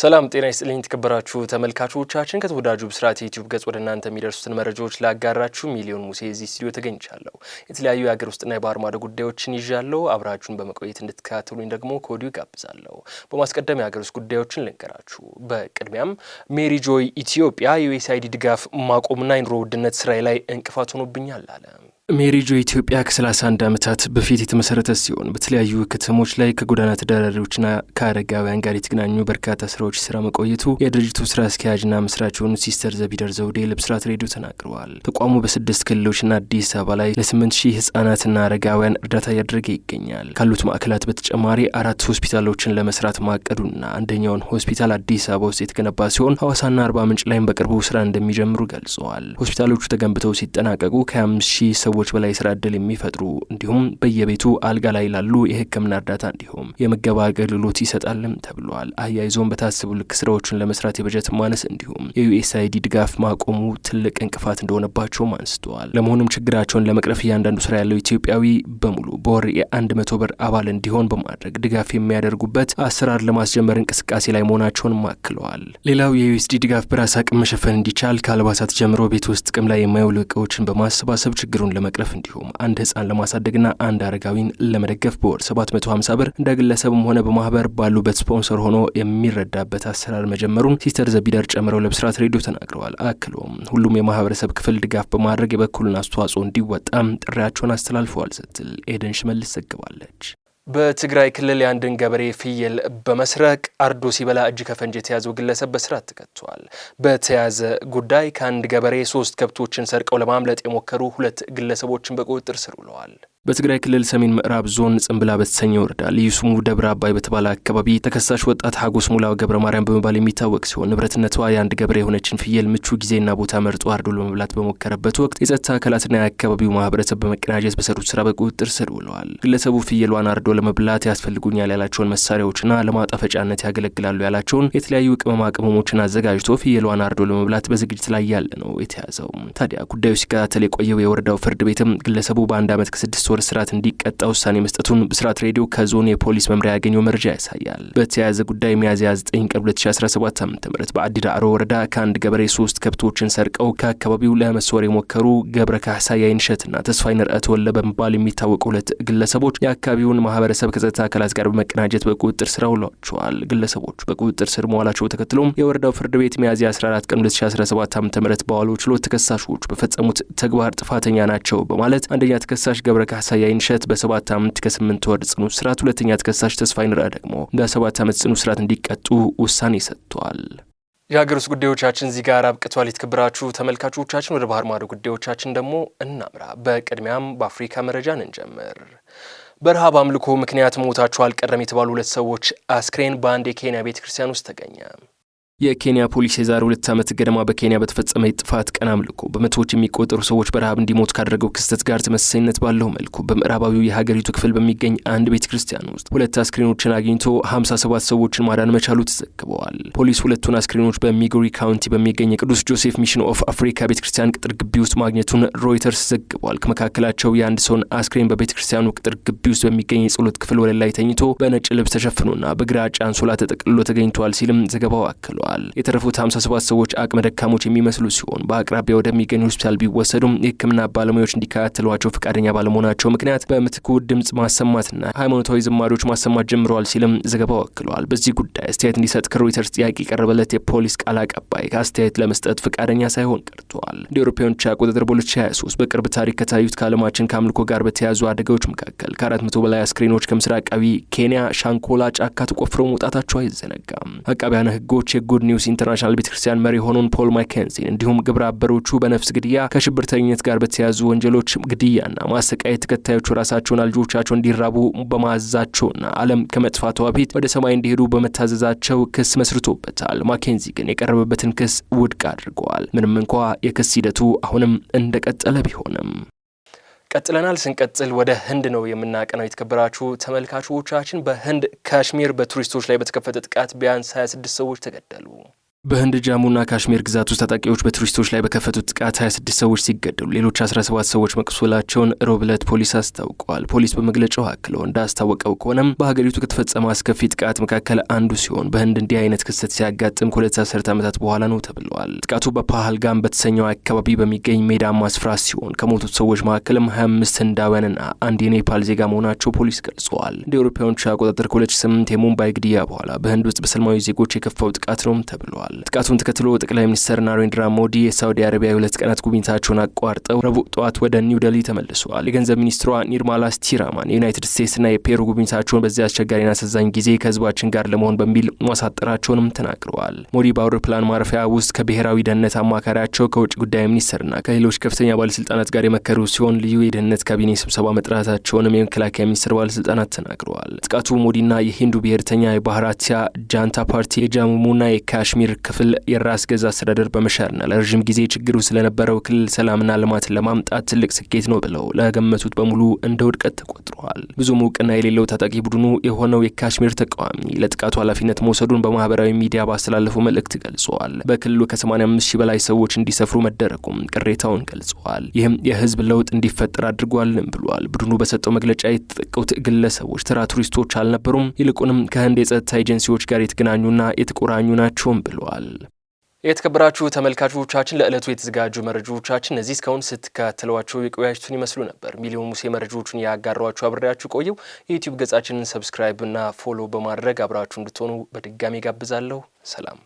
ሰላም ጤና ይስጥልኝ የተከበራችሁ ተመልካቾቻችን፣ ከተወዳጁ ብስራት የዩቲዩብ ገጽ ወደ እናንተ የሚደርሱትን መረጃዎች ላጋራችሁ ሚሊዮን ሙሴ እዚህ ስቱዲዮ ተገኝቻለሁ። የተለያዩ የሀገር ውስጥና የባህር ማዶ ጉዳዮችን ይዣለሁ። አብራችሁን በመቆየት እንድትከታተሉኝ ደግሞ ከወዲሁ ይጋብዛለሁ። በማስቀደም የሀገር ውስጥ ጉዳዮችን ልንገራችሁ። በቅድሚያም ሜሪ ጆይ ኢትዮጵያ የዩኤስአይዲ ድጋፍ ማቆምና የኑሮ ውድነት ስራዬ ላይ እንቅፋት ሆኖብኛል አለ። ሜሪጆ ኢትዮጵያ ከ31 ዓመታት በፊት የተመሰረተ ሲሆን በተለያዩ ከተሞች ላይ ከጎዳና ተዳዳሪዎችና ከአረጋውያን ጋር የተገናኙ በርካታ ስራዎች ስራ መቆየቱ የድርጅቱ ስራ አስኪያጅና መስራች የሆኑ ሲስተር ዘቢደር ዘውዴ ለብስራት ሬዲዮ ተናግረዋል። ተቋሙ በስድስት ክልሎችና አዲስ አበባ ላይ ለ8 ሺህ ህጻናትና አረጋውያን እርዳታ እያደረገ ይገኛል። ካሉት ማዕከላት በተጨማሪ አራት ሆስፒታሎችን ለመስራት ማቀዱና አንደኛውን ሆስፒታል አዲስ አበባ ውስጥ የተገነባ ሲሆን ሐዋሳና አርባ ምንጭ ላይም በቅርቡ ስራ እንደሚጀምሩ ገልጸዋል። ሆስፒታሎቹ ተገንብተው ሲጠናቀቁ ከ 50 ሺህ ሰዎች ሰዎች በላይ ስራ እድል የሚፈጥሩ እንዲሁም በየቤቱ አልጋ ላይ ላሉ የህክምና እርዳታ እንዲሁም የምገባ አገልግሎት ይሰጣልም ተብሏል። አያይዞን በታሰቡ ልክ ስራዎችን ለመስራት የበጀት ማነስ እንዲሁም የዩኤስአይዲ ድጋፍ ማቆሙ ትልቅ እንቅፋት እንደሆነባቸውም አንስተዋል። ለመሆኑም ችግራቸውን ለመቅረፍ እያንዳንዱ ስራ ያለው ኢትዮጵያዊ በሙሉ በወር የአንድ መቶ ብር አባል እንዲሆን በማድረግ ድጋፍ የሚያደርጉበት አሰራር ለማስጀመር እንቅስቃሴ ላይ መሆናቸውን አክለዋል። ሌላው የዩኤስዲ ድጋፍ በራስ አቅም መሸፈን እንዲቻል ከአልባሳት ጀምሮ ቤት ውስጥ ጥቅም ላይ የማይውሉ እቃዎችን በማሰባሰብ ችግሩን ለመ ለመቅረፍ እንዲሁም አንድ ህፃን ለማሳደግና አንድ አረጋዊን ለመደገፍ በወር 750 ብር እንደ ግለሰብም ሆነ በማህበር ባሉበት ስፖንሰር ሆኖ የሚረዳበት አሰራር መጀመሩን ሲስተር ዘቢደር ጨምረው ለብስራት ሬዲዮ ተናግረዋል። አክሎም ሁሉም የማህበረሰብ ክፍል ድጋፍ በማድረግ የበኩሉን አስተዋጽኦ እንዲወጣም ጥሪያቸውን አስተላልፈዋል ስትል ኤደን ሽመልስ ዘግባለች። በትግራይ ክልል የአንድን ገበሬ ፍየል በመስረቅ አርዶ ሲበላ እጅ ከፈንጅ የተያዘው ግለሰብ በስርዓት ተቀጥቷል። በተያዘ ጉዳይ ከአንድ ገበሬ ሶስት ከብቶችን ሰርቀው ለማምለጥ የሞከሩ ሁለት ግለሰቦችን በቁጥጥር ስር ውለዋል። በትግራይ ክልል ሰሜን ምዕራብ ዞን ጽንብላ በተሰኘ ወረዳ ልዩ ስሙ ደብረ አባይ በተባለ አካባቢ ተከሳሽ ወጣት ሀጎስ ሙላ ገብረ ማርያም በመባል የሚታወቅ ሲሆን ንብረትነቷ የአንድ ገበሬ የሆነችን ፍየል ምቹ ጊዜና ቦታ መርጦ አርዶ ለመብላት በሞከረበት ወቅት የጸጥታ አካላትና የአካባቢው ማህበረሰብ በመቀናጀት በሰሩት ስራ በቁጥጥር ስር ውለዋል። ግለሰቡ ፍየሏን አርዶ ለመብላት ያስፈልጉኛል ያላቸውን መሳሪያዎችና ለማጣፈጫነት ያገለግላሉ ያላቸውን የተለያዩ ቅመማ ቅመሞችን አዘጋጅቶ ፍየሏን አርዶ ለመብላት በዝግጅት ላይ ያለ ነው የተያዘው። ታዲያ ጉዳዩ ሲከታተል የቆየው የወረዳው ፍርድ ቤትም ግለሰቡ በአንድ ዓመት ከስድስት ወር እስራት እንዲቀጣ ውሳኔ መስጠቱን ብስራት ሬዲዮ ከዞን የፖሊስ መምሪያ ያገኘው መረጃ ያሳያል። በተያያዘ ጉዳይ ሚያዝያ 9 ቀን 2017 ዓ ም በአዲዳ አሮ ወረዳ ከአንድ ገበሬ ሶስት ከብቶችን ሰርቀው ከአካባቢው ለመስወር የሞከሩ ገብረ ካሳ ያይንሸትና ተስፋይ ንርአት ወለ በመባል የሚታወቁ ሁለት ግለሰቦች የአካባቢውን ማህበረሰብ ከጸጥታ አካላት ጋር በመቀናጀት በቁጥጥር ስር ውለዋቸዋል። ግለሰቦቹ በቁጥጥር ስር መዋላቸው ተከትሎም የወረዳው ፍርድ ቤት ሚያዝያ 14 ቀን 2017 ዓ ም በዋለው ችሎት ተከሳሾች በፈጸሙት ተግባር ጥፋተኛ ናቸው በማለት አንደኛ ተከሳሽ ገብረ ካህሳ ተከሳይ አይንሸት በሰባት ዓመት ከስምንት ወር ጽኑ እስራት፣ ሁለተኛ ተከሳሽ ተስፋ ይንራ ደግሞ በሰባት ዓመት ጽኑ እስራት እንዲቀጡ ውሳኔ ሰጥቷል። የሀገር ውስጥ ጉዳዮቻችን እዚህ ጋር አብቅቷል። የተከበራችሁ ተመልካቾቻችን ወደ ባህር ማዶ ጉዳዮቻችን ደግሞ እናምራ። በቅድሚያም በአፍሪካ መረጃን እንጀምር። በረሃብ አምልኮ ምክንያት ሞታቸው አልቀረም የተባሉ ሁለት ሰዎች አስክሬን በአንድ የኬንያ ቤተ ክርስቲያን ውስጥ ተገኘ። የኬንያ ፖሊስ የዛሬ ሁለት ዓመት ገደማ በኬንያ በተፈጸመ የጥፋት ቀን አምልኮ በመቶዎች የሚቆጠሩ ሰዎች በረሃብ እንዲሞት ካደረገው ክስተት ጋር ተመሳሳይነት ባለው መልኩ በምዕራባዊው የሀገሪቱ ክፍል በሚገኝ አንድ ቤተ ክርስቲያን ውስጥ ሁለት አስክሬኖችን አግኝቶ 57 ሰዎችን ማዳን መቻሉ ተዘግበዋል። ፖሊስ ሁለቱን አስክሬኖች በሚጉሪ ካውንቲ በሚገኝ የቅዱስ ጆሴፍ ሚሽን ኦፍ አፍሪካ ቤተ ክርስቲያን ቅጥር ግቢ ውስጥ ማግኘቱን ሮይተርስ ዘግቧል። ከመካከላቸው የአንድ ሰውን አስክሬን በቤተ ክርስቲያኑ ቅጥር ግቢ ውስጥ በሚገኝ የጸሎት ክፍል ወለል ላይ ተኝቶ በነጭ ልብስ ተሸፍኖና በግራጫ አንሶላ ተጠቅልሎ ተገኝቷል ሲልም ዘገባው አክሏል። ተገልጿል። የተረፉት 57 ሰዎች አቅመ ደካሞች የሚመስሉ ሲሆን በአቅራቢያ ወደሚገኝ ሆስፒታል ቢወሰዱም የሕክምና ባለሙያዎች እንዲከታተሏቸው ፈቃደኛ ባለመሆናቸው ምክንያት በምትኩ ድምፅ ማሰማትና ሃይማኖታዊ ዝማሪዎች ማሰማት ጀምረዋል ሲልም ዘገባው አክሏል። በዚህ ጉዳይ አስተያየት እንዲሰጥ ከሮይተርስ ጥያቄ የቀረበለት የፖሊስ ቃል አቀባይ ከአስተያየት ለመስጠት ፈቃደኛ ሳይሆን ቀርተዋል። እንደ አውሮፓውያኖች አቆጣጠር በ2023 በቅርብ ታሪክ ከታዩት ከዓለማችን ከአምልኮ ጋር በተያያዙ አደጋዎች መካከል ከአራት መቶ በላይ አስክሬኖች ከምስራቃዊ ኬንያ ሻንኮላ ጫካ ተቆፍረው መውጣታቸው አይዘነጋም። አቃቢያነ ህጎች የጎ ጉድ ኒውስ ኢንተርናሽናል ቤተክርስቲያን መሪ የሆኑን ፖል ማኬንዚን እንዲሁም ግብረ አበሮቹ በነፍስ ግድያ ከሽብርተኝነት ጋር በተያያዙ ወንጀሎች ግድያና ማሰቃየት ተከታዮቹ ራሳቸውና ልጆቻቸው እንዲራቡ በማዘዛቸውና ዓለም ከመጥፋቷ በፊት ወደ ሰማይ እንዲሄዱ በመታዘዛቸው ክስ መስርቶበታል። ማኬንዚ ግን የቀረበበትን ክስ ውድቅ አድርገዋል። ምንም እንኳ የክስ ሂደቱ አሁንም እንደቀጠለ ቢሆንም ቀጥለናል። ስንቀጥል ወደ ህንድ ነው የምናቀነው። የተከበራችሁ ተመልካቾቻችን፣ በህንድ ካሽሚር በቱሪስቶች ላይ በተከፈተ ጥቃት ቢያንስ 26 ሰዎች ተገደሉ። በህንድ ጃሙና ካሽሜር ግዛት ውስጥ ታጣቂዎች በቱሪስቶች ላይ በከፈቱት ጥቃት 26 ሰዎች ሲገደሉ ሌሎች 17 ሰዎች መቁሰላቸውን ሮብ ዕለት ፖሊስ አስታውቀዋል። ፖሊስ በመግለጫው አክለው እንዳስታወቀው ከሆነም በሀገሪቱ ከተፈጸመ አስከፊ ጥቃት መካከል አንዱ ሲሆን በህንድ እንዲህ አይነት ክስተት ሲያጋጥም ከሁለት አስርት ዓመታት በኋላ ነው ተብለዋል። ጥቃቱ በፓህልጋም በተሰኘው አካባቢ በሚገኝ ሜዳማ ስፍራ ሲሆን ከሞቱት ሰዎች መካከልም 25 ህንዳውያንና አንድ የኔፓል ዜጋ መሆናቸው ፖሊስ ገልጸዋል። እንደ አውሮፓውያኑ አቆጣጠር ከ2008 የሙምባይ ግድያ በኋላ በህንድ ውስጥ በሰላማዊ ዜጎች የከፋው ጥቃት ነውም ተብለዋል። ጥቃቱን ተከትሎ ጠቅላይ ሚኒስትር ናሬንድራ ሞዲ የሳውዲ አረቢያ የሁለት ቀናት ጉብኝታቸውን አቋርጠው ረቡዕ ጠዋት ወደ ኒው ደሊ ተመልሰዋል። የገንዘብ ሚኒስትሯ ኒርማላ ስቲራማን የዩናይትድ ስቴትስና የፔሩ ጉብኝታቸውን በዚህ አስቸጋሪና አሳዛኝ ጊዜ ከህዝባችን ጋር ለመሆን በሚል ማሳጠራቸውንም ተናግረዋል። ሞዲ በአውሮፕላን ማረፊያ ውስጥ ከብሔራዊ ደህንነት አማካሪያቸው ከውጭ ጉዳይ ሚኒስትርና ከሌሎች ከፍተኛ ባለስልጣናት ጋር የመከሩ ሲሆን ልዩ የደህንነት ካቢኔ ስብሰባ መጥራታቸውንም የመከላከያ ሚኒስትር ባለስልጣናት ተናግረዋል። ጥቃቱ ሞዲና የሂንዱ ብሔርተኛ የባህራቲያ ጃንታ ፓርቲ የጃሙሙና የካሽሚር ክፍል የራስ ገዝ አስተዳደር በመሻርና ለረዥም ጊዜ ችግሩ ስለነበረው ክልል ሰላምና ልማት ለማምጣት ትልቅ ስኬት ነው ብለው ለገመቱት በሙሉ እንደ ውድቀት ተቆጥረዋል። ብዙም እውቅና የሌለው ታጣቂ ቡድኑ የሆነው የካሽሚር ተቃዋሚ ለጥቃቱ ኃላፊነት መውሰዱን በማህበራዊ ሚዲያ ባስተላለፉ መልእክት ገልጸዋል። በክልሉ ከ85 ሺህ በላይ ሰዎች እንዲሰፍሩ መደረጉም ቅሬታውን ገልጸዋል። ይህም የህዝብ ለውጥ እንዲፈጠር አድርጓልም ብሏል። ቡድኑ በሰጠው መግለጫ የተጠቁት ግለሰቦች ተራ ቱሪስቶች አልነበሩም፣ ይልቁንም ከህንድ የጸጥታ ኤጀንሲዎች ጋር የተገናኙና የተቆራኙ ናቸውም ብሏል። ተገልጿል። የተከበራችሁ ተመልካቾቻችን ለዕለቱ የተዘጋጁ መረጃዎቻችን እነዚህ እስካሁን ስትከታተሏቸው የቆያችሁትን ይመስሉ ነበር። ሚሊዮን ሙሴ መረጃዎቹን ያጋሯችሁ አብሬያችሁ ቆየው። የዩቲዩብ ገጻችንን ሰብስክራይብ እና ፎሎ በማድረግ አብራችሁ እንድትሆኑ በድጋሚ ጋብዛለሁ። ሰላም